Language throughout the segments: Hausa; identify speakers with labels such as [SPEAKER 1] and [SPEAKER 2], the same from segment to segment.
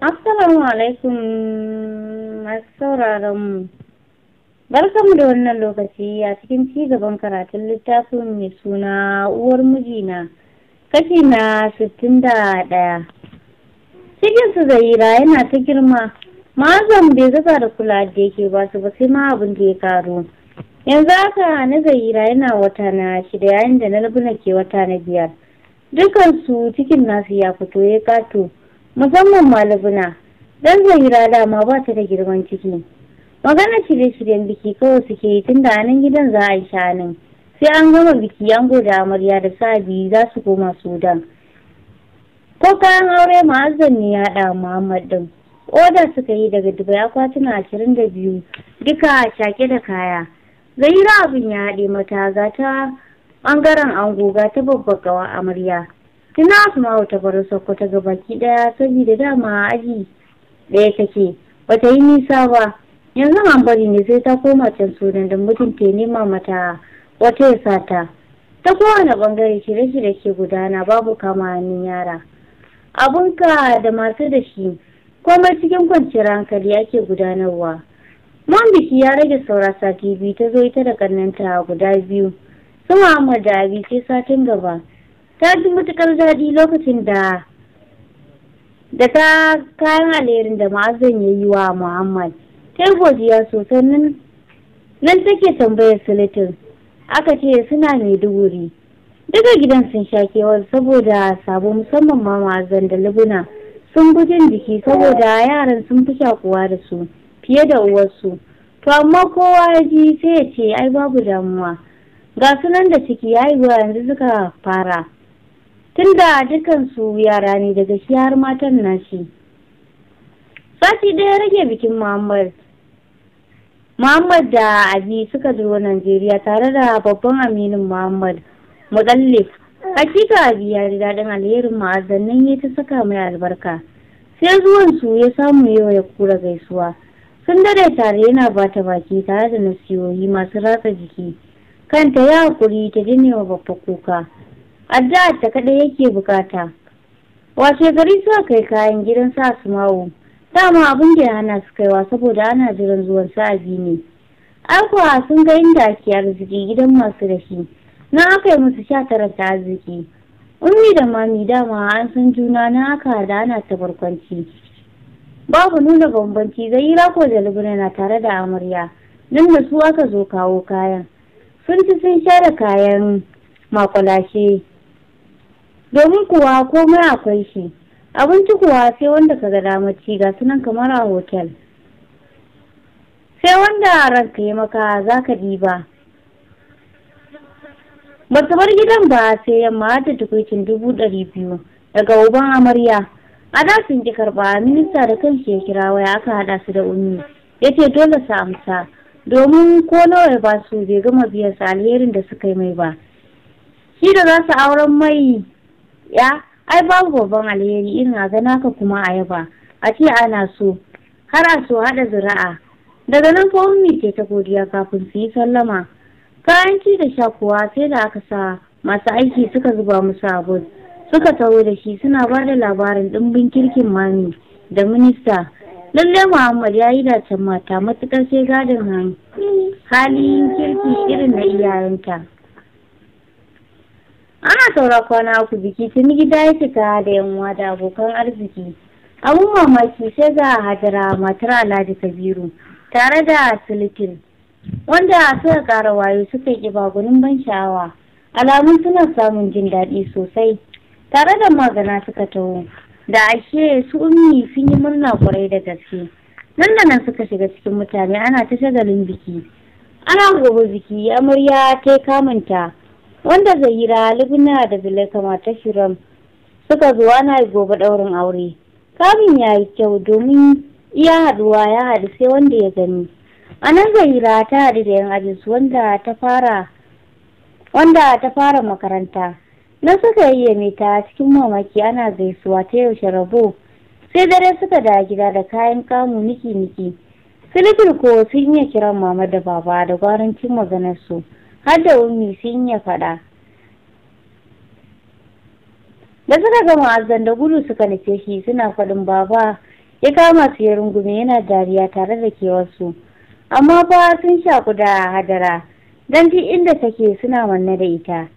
[SPEAKER 1] Assalamu alaikum masu sauraron mu. Barkanmu da wannan lokaci a cikin ci gaban karatun littafin mai suna uwar mijina kashi na sittin da ɗaya. Cikinsu zaira yana ta girma, ma'azam bai zaba da kula da yake ba su ba sai ma abin da ya karo. Yanzu haka na zaira yana wata na shida yayin da na labuna ke wata na biyar. Dukansu cikin nasu ya fito ya kato. musamman malabuna dan zahira dama ba ta da girman ciki magana shirye-shiryen biki kawai suke yi tun da nan gidan za a yi shanin sai an gama biki ango da amarya da sabi za su koma sudan ko kayan aure ma'azan ne ya haɗa muhammad din oda suka yi daga dubai akwatuna ashirin da biyu duka a shaƙe da kaya zahira abin ya haɗe mata ga ta ɓangaren ango ga ta babbar amarya tuna asma'u ta bar sokoto ga baki daya saboda dama aji daya take bata yi nisa ba yanzu an bari ne sai ta koma can sunan da mutum ke nema mata wata ya sata ta kowane bangare shirye-shirye ke gudana babu kama hannun yara ka da masu da shi komai cikin kwanciyar hankali ake gudanarwa man biki ya rage saura sati biyu ta zo ita da kannanta guda biyu suna amma da Abi sai satin gaba ta ji matuƙar daɗi lokacin da da ta kayan alherin da ma'azin ya yi wa muhammad ta yi godiya sosai nan nan take tambayar silitin aka ce suna mai duguri daga gidan sun sha kewar saboda sabo musamman ma ma'azin da libuna sun gujin jiki saboda yaran sun fi shakuwa da su fiye da uwarsu to amma kowa ya ji sai ya ce ai babu damuwa ga sunan da ciki ya yi yanzu suka fara Tun da dukansu yara ne daga shi har matan nashi sati ɗaya rage bikin muhammad muhammad da abi suka zo najeriya tare da babban aminin muhammad mutallif hakika abi ya ji daɗin alherin ma'azannan ya ta saka mai albarka sai zuwan su ya samu yawa ya kura gaisuwa sun dare tare yana bata baki tare da nasiyoyi masu ratsa jiki kanta ya hakuri ta dine wa babba kuka addu'ar ta kaɗai yake bukata washe gari suka kai kayan gidan sa asma'u dama abin da hana su kaiwa saboda ana jiran zuwan a ne alkuwa sun ga inda ake arziki gidan masu da na aka yi musu sha tara ta arziki ummi da mami dama an san juna na aka da ana ta barkwanci babu nuna bambanci yi ko da libina na tare da amarya nan da su aka zo kawo kayan sun ci sun share kayan makwalashe domin kuwa komai akwai shi abinci kuwa sai wanda ka ga dama ci ga sunan kamar a hotel sai wanda ranka yi maka za ka ɗiba ba ta bar gidan ba sai yamma ta tukwicin dubu ɗari biyu daga uban amarya a da sun ji karɓa minista da kan ke kira waya aka haɗa su da umi ya ce dole su amsa domin ko nawa ba su bai gama biyan su alherin da suka yi mai ba shi da za su auren mai ya ai babu babban alheri a gana ka kuma ayaba a ce ana so har a so haɗa zira'a daga nan fa ummi ce ta godiya kafin su yi sallama kayan ci da sha kuwa sai da aka sa masu aiki suka zuba mu abun suka taho da shi suna ba da labarin ɗimbin kirkin mami da minista Lalle muhammad ya yi dacen mata matuƙar sai gadon hali kirki irin na iyayenta. ana saura kwana uku biki tun gida ya cika da yanwa da abokan arziki abun mamaki sai ga hadira matar alhaji kabiru tare da silikin wanda suka kara wayo suka yi gunin ban sha'awa alamun suna samun jin daɗi sosai tare da magana suka taho da ashe su ummi sun yi murna kwarai da gaske nan da nan suka shiga cikin mutane ana ta shagalin biki ana gobe biki amarya ta kamanta wanda zaira libina da zulaika ta shirin suka zuwa na gobe ɗaurin aure kamin ya yi kyau domin iya haɗuwa ya haɗu sai wanda ya gani a nan zaira ta haɗu da yan ajinsu wanda ta fara wanda ta fara makaranta na suka yayyame ta cikin mamaki ana gaisuwa ta yaushe rabo sai dare suka da gida da kayan kamu niki niki filifil ko sun iya kiran mama da baba da gwarancin maganarsu har da ummi sun ya faɗa da suka gama azan da gudu suka nufe shi suna fadin baba ya kama su ya rungume yana dariya tare da kewarsu amma ba sun sha da hadara don ji inda take suna manne da ita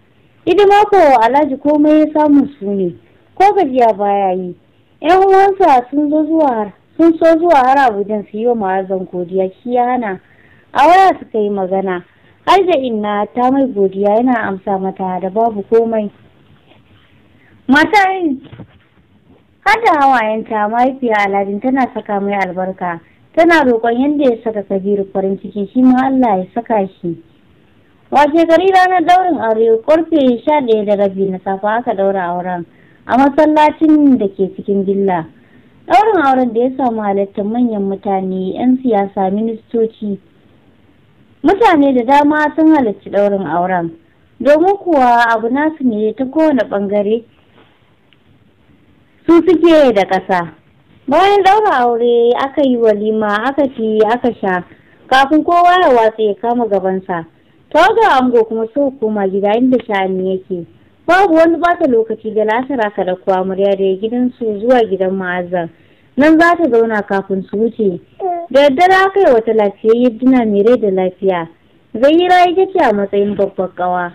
[SPEAKER 1] hidima ko alhaji komai ya samu su ne ko gajiya baya yi yan uwansa sun zo zuwa sun so zuwa har abujan su yi wa ma'azan godiya shi ya hana a waya suka yi magana har da inna ta mai godiya yana amsa mata da babu komai Mata har da hawayenta mahaifiya aladin tana saka mai albarka tana roƙon yadda ya saka kabiru farin ciki shi ma allah ya saka shi wace gari ranar daurin aure ƙarfe sha ɗaya da rabi na safa aka ɗaura auren a masallacin da ke cikin gilla, ɗaurin auren da ya samu halittar manyan mutane 'yan siyasa ministoci mutane da dama sun halarci ɗaurin auren domin kuwa abu nasu ne ta kowane ɓangare su suke da ƙasa bayan ɗaura aure aka yi walima aka ci aka sha kafin kowa ya watsa ya kama gabansa tawaga ango kuma su koma gida inda sha'ani yake babu wani bata lokaci da lasara ka da kuwa murya da gidansu zuwa gidan ma'azan nan za ta zauna kafin su wuce da daddare kai wata lafiyayyar yadda mai rai da lafiya zaira ita ce a matsayin babbar kawa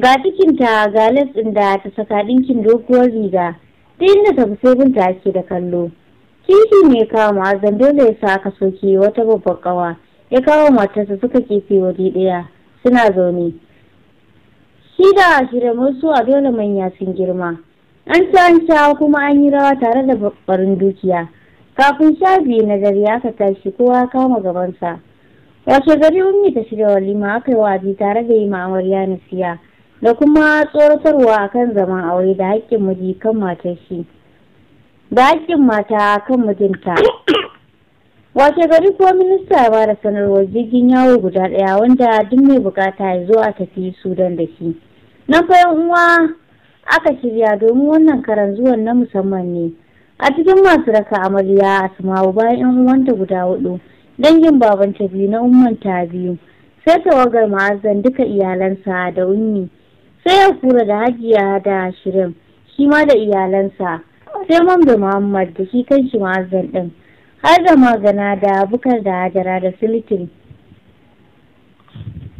[SPEAKER 1] ga cikinta ga les ɗin da ta saka ɗinkin doguwar riga ta inda ta fi binta ake da kallo kishi ne kama dole ya sa aka soke wata babbar kawa ya kawo matarsa suka kefe waje ɗaya suna zaune shi da shirya musu a dole manya sun girma an ci an sha kuma an yi rawa tare da barin dukiya kafin sha biyu na dare aka tashi kowa kama gabansa wace gari ummi ta shirya walima aka yi wazi tare da yi amarya siya da kuma tsoratarwa kan zaman aure da haƙƙin miji kan matar shi da haƙƙin mata kan mijinta wace gari kuma minista ba da sanarwar jirgin yawo guda ɗaya wanda duk mai bukata ya zo a tafi sudan da shi na uwa aka shirya domin wannan karan zuwan na musamman ne a cikin masu raka amarya samawa bayan yan guda hudu dangin babanta biyu na ta biyu sai tawagar ma'azan duka iyalansa da ummi sai ya kura da hajiya da shirin shi ma da iyalansa sai mamda muhammad da shi kan shi ma'azan din har da magana da bukar da hajara da silitin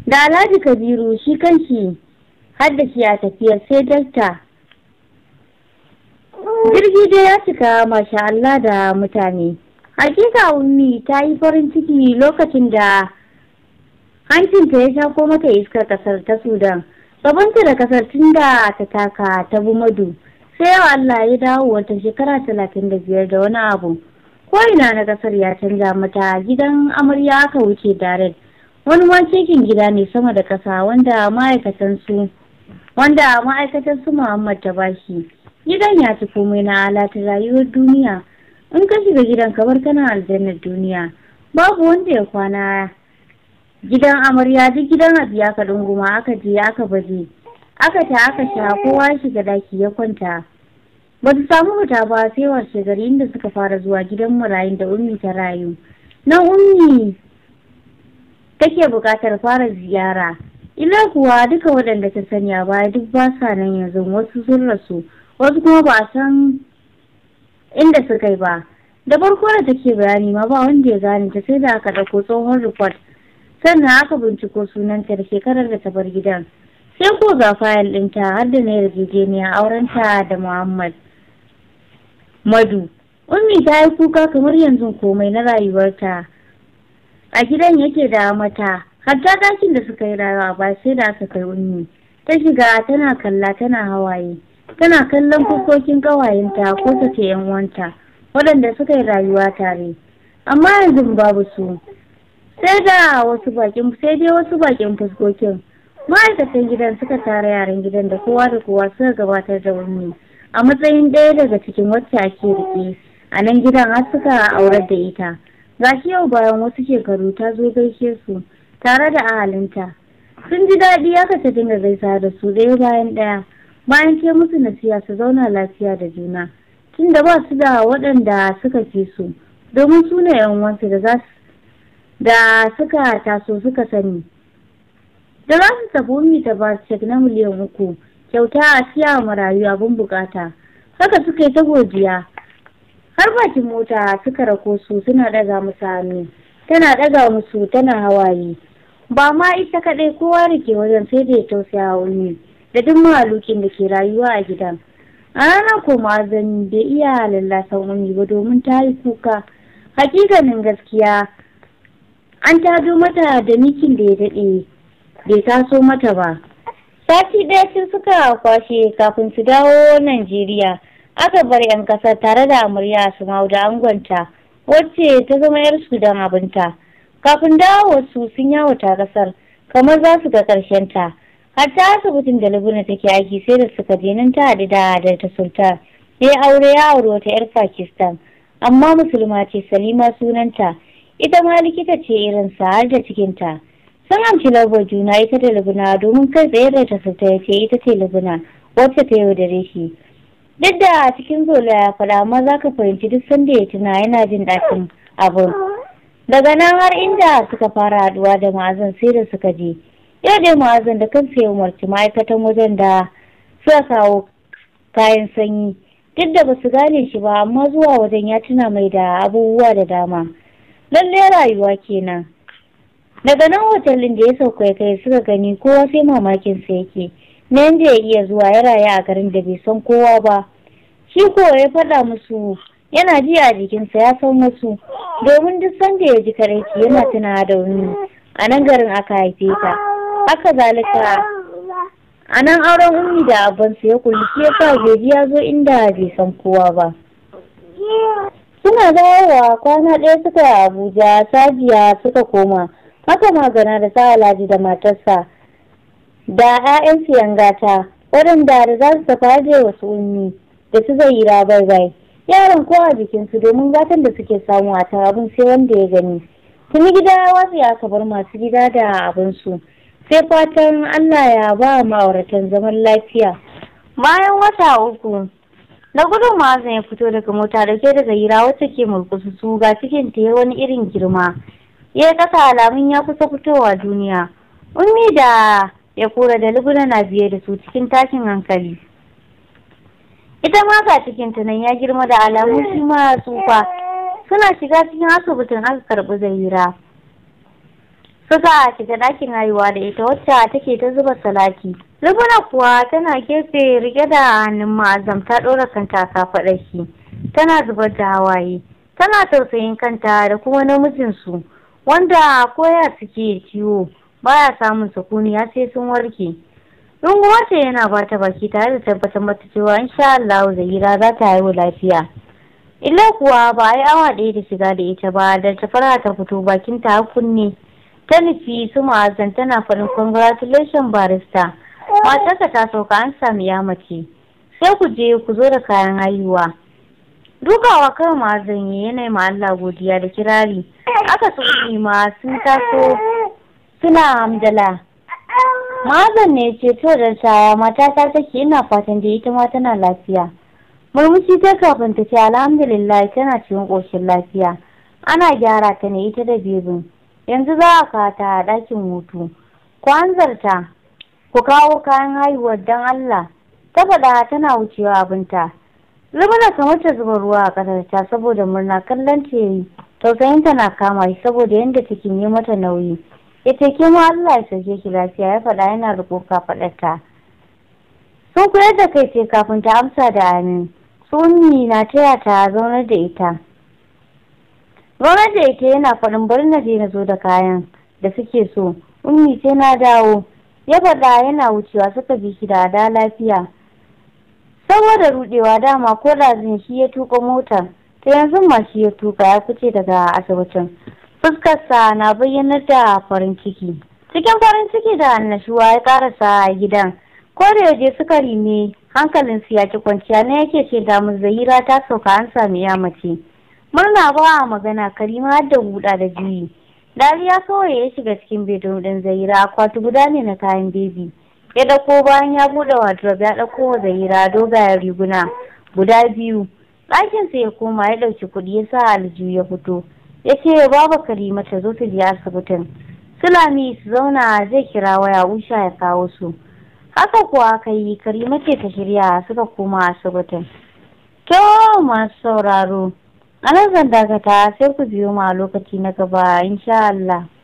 [SPEAKER 1] da alhaji kabiru shi kan shi. har da shi a tafiyar sai delta jirgi dai ya cika masha Allah da mutane hakika ummi ta yi farin ciki lokacin da hancinta ya shako mata iskar kasar ta sudan sabanta da kasar tun da ta taka ta Bumadu, sai yau Allah ya dawo wata shekara talatin da biyar da wani abu ko ina na kasar ya canza mata gidan amarya aka wuce daren. wani wancekin gida ne sama da kasa wanda ma'aikatan su wanda ma'aikatar su Muhammad ta bashi gidan ya ci komai na alata rayuwar duniya in ka shiga gidan kamar kana aljannar duniya babu wanda ya kwana gidan amarya duk gidan abu ya ka dunguma aka je aka baje aka ta aka sha kowa shiga daki ya kwanta ba su samu mata ba sai washe gari inda suka fara zuwa gidan marayin da ummi ta rayu Na ummi take bukatar fara ziyara ina kuwa duka waɗanda ta sani a baya duk ba sa nan yanzu wasu sun rasu wasu kuma ba san inda su kai ba da farko da take bayani ma ba wanda ya gane ta sai da aka ɗauko tsohon report sannan aka binciko sunanta da shekarar da ta bar gidan sai ko ga fayil ɗinta har da na yarjejeniya aurenta da muhammad madu ummi ta yi kuka kamar yanzu komai na rayuwarta a gidan yake da mata hatta dakin da suka yi rayuwa ba sai da aka kai ummi ta shiga tana kalla tana hawaye tana kallon kukokin kawayenta ko ta ce yan wanta waɗanda suka yi rayuwa tare amma yanzu babu su sai da wasu bakin sai dai wasu bakin fuskokin ma'aikatan gidan suka tara yaran gidan da kowa da kowa suka gabatar da ummi a matsayin ɗaya daga cikin wacce ake rike a nan gidan har suka aurar da ita gashi yau bayan wasu shekaru ta zo gaishe su tare da ahalinta sun ji daɗi ya kasa dinga gaisa da su ɗaya bayan ɗaya bayan ke musu nasiya su zauna lafiya da juna tunda ba su da waɗanda suka fi su domin su ne yan uwansu da suka taso suka sani da za su tafi wani ta ba cek na miliyan uku kyauta a siya marayu abin bukata haka suka yi ta godiya har bakin mota suka rako su suna ɗaga musu hannu tana ɗaga musu tana hawaye ba ma ita kaɗai kowa da ke wajen sai da ya tausaya wani da duk mahalukin da ke rayuwa a gidan a ranar koma zan da iya lallasan wani ba domin ta yi kuka hakikanin gaskiya an tado mata da mikin da ya daɗe bai taso mata ba sati ɗaya sun suka kwashe kafin su dawo najeriya aka bar 'yan ƙasar tare da amarya su da angonta wacce ta zama 'yarsu don abinta. abinta kafin su sun yawata kasar kamar za su ga ƙarshen ta har ta asibitin da libina take aiki sai da suka je nan ta haɗu da da ta sultan sai aure ya aure wata yar pakistan amma musulma ce salima sunanta ita ma likita ce irin sa har da cikinta sun amci labar juna ita da libina domin kai tsaye da ta sultan ya ce ita ce libina wacce ta yaudare shi duk da cikin zola ya faɗa amma za ka fahimci duk sanda ya tuna yana jin ɗakin abun daga nan har inda suka fara haduwa da ma'azin sai da suka je yau dai ma'azin da kansa ya umarci ma'aikatan wajen da suka kawo kayan sanyi duk da basu gane shi ba amma zuwa wajen ya tuna mai da abubuwa da dama lallai rayuwa kenan daga nan watannin da ya sauka ya kai suka gani kowa sai mamakin sa yake na yanda ya iya zuwa ya raya a garin da bai san kowa ba shi kuwa ya faɗa musu yana ji a jikinsa ya san wasu domin duk sanda ya ji karaici yana tuna da wani a nan garin aka haife ta haka zalika a nan auren ummi da abansa ya kulli shi ya ba gobe ya zo inda bai san kowa ba suna dawowa kwana ɗaya suka yi abuja sajiya suka koma haka magana da sa alhaji da matarsa da 'ya'yansu gata waɗanda da za su tafi wasu ummi da su zai yi rabar bai yaron kowa a su domin gatan da suke samu a tarabin sai wanda ya gani tuni gida ya watsi aka kabar masu gida da abinsu sai fatan allah ya ba ma'auratan zaman lafiya bayan wata uku na gudun mazan ya fito daga mota da ke daga hira wacce ke mulkusu su ga cikin ta yi wani irin girma ya yi kasa alamun ya kusa fitowa duniya ummi da ya kura da luguna na biye da su cikin tashin hankali ita ma ga cikin tunan ya girma da alamu shi ma tsufa suna shiga cikin asibitin aka karɓi zahira suka shiga ɗakin haihuwa da ita wacce take ta zuba salaki lubuna kuwa tana gefe rike da hannun ma'azam ta ɗora kanta faɗa shi tana zubar da hawaye tana tausayin kanta da kuma namijinsu wanda koya suke ciwo baya samun sukuni ya sai sun warke ta yana bata baki tare da tabbatar mata cewa insha Allah Zahira za ta haihu lafiya. Illa kuwa ba a yi awa ɗaya da shiga da ita ba da ta fara ta fito bakin ta kunne. Ta nufi su ma'azan tana farin congratulation barista. Matarka ta sauka an sami ya mace. Sai ku je ku zo da kayan haihuwa. Dukawa kan ma'azan yi yanayi ma Allah godiya da kirari. Aka su ma sun taso suna hamdala. Mazan ne ce to da shaya mata ta take ina fatan da ita ma tana lafiya. Murmushi ta kafin ta ce alhamdulillah tana cikin ƙoshin lafiya. Ana gyara ta ne ita da bebin. Yanzu za a kawo ta a ɗakin hutu. Ku hanzarta ku kawo kayan haihuwar don Allah. Ta faɗa tana wucewa abinta. Lubuna kamar ta zuba ruwa a ƙasar ta, saboda murna kallon ta yi, tausayinta na kama shi saboda yadda take yi mata nauyi. ya ce ke Allah ya sauke ki lafiya ya faɗa yana riƙo ta sun koyar da kai ce kafin ta amsa da amin sunni na taya ta zaunar da ita zaunar da ita yana faɗin bari na je na zo da kayan da suke so ummi sai na dawo ya faɗa yana wucewa suka bi shi da da lafiya saboda rudewa dama ko da shi ya tuka mota ta yanzu ma shi ya tuka ya fice daga asibitin fuskarsa na bayyanar da farin ciki cikin farin ciki da annashuwa ya karasa gidan ko da yaje suka rime su ya ci kwanciya na yake ce da mu zahira ta sauka an sami ya mace murna ba a magana karima har da buɗa da juyi dariya kawai ya shiga cikin bedon ɗin zahira akwati guda ne na kayan bebi ya ɗauko bayan ya buɗe wardrobe ya ɗauko wa zahira dogayen riguna guda biyu ɗakinsa ya koma ya ɗauki kuɗi ya sa aljihu ya fito ya ce baba karima ta zo ta je asibitin sulami su zauna zai kira waya usha ya kawo su haka kuwa aka yi karima ce ta shirya suka koma asibitin to masu sauraro a nan zan dakata sai ku biyo ma lokaci na gaba insha Allah